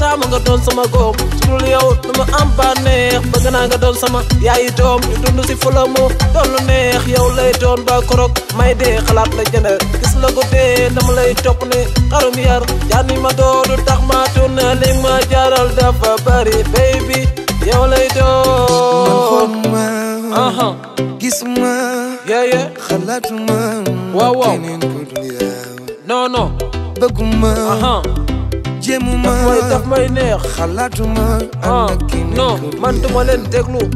taamu nga doon sama góom su dul yow du ma am bànneex bëgg naa doon sama yaayi doom ñu dund si fula mu doon lu neex yow lay doon ba korok may dee xalaat la jënd gis la ko dee dama lay topp ne xarum yar jaani ma doodu tax ma tunna li ma jaral dafa bari baby yow lay doon aha gisuma yeah yeah xalaatuma waaw waaw non non bëgguma aha jéemu ma daf may neex xalaatuma. ah non man duma leen déglu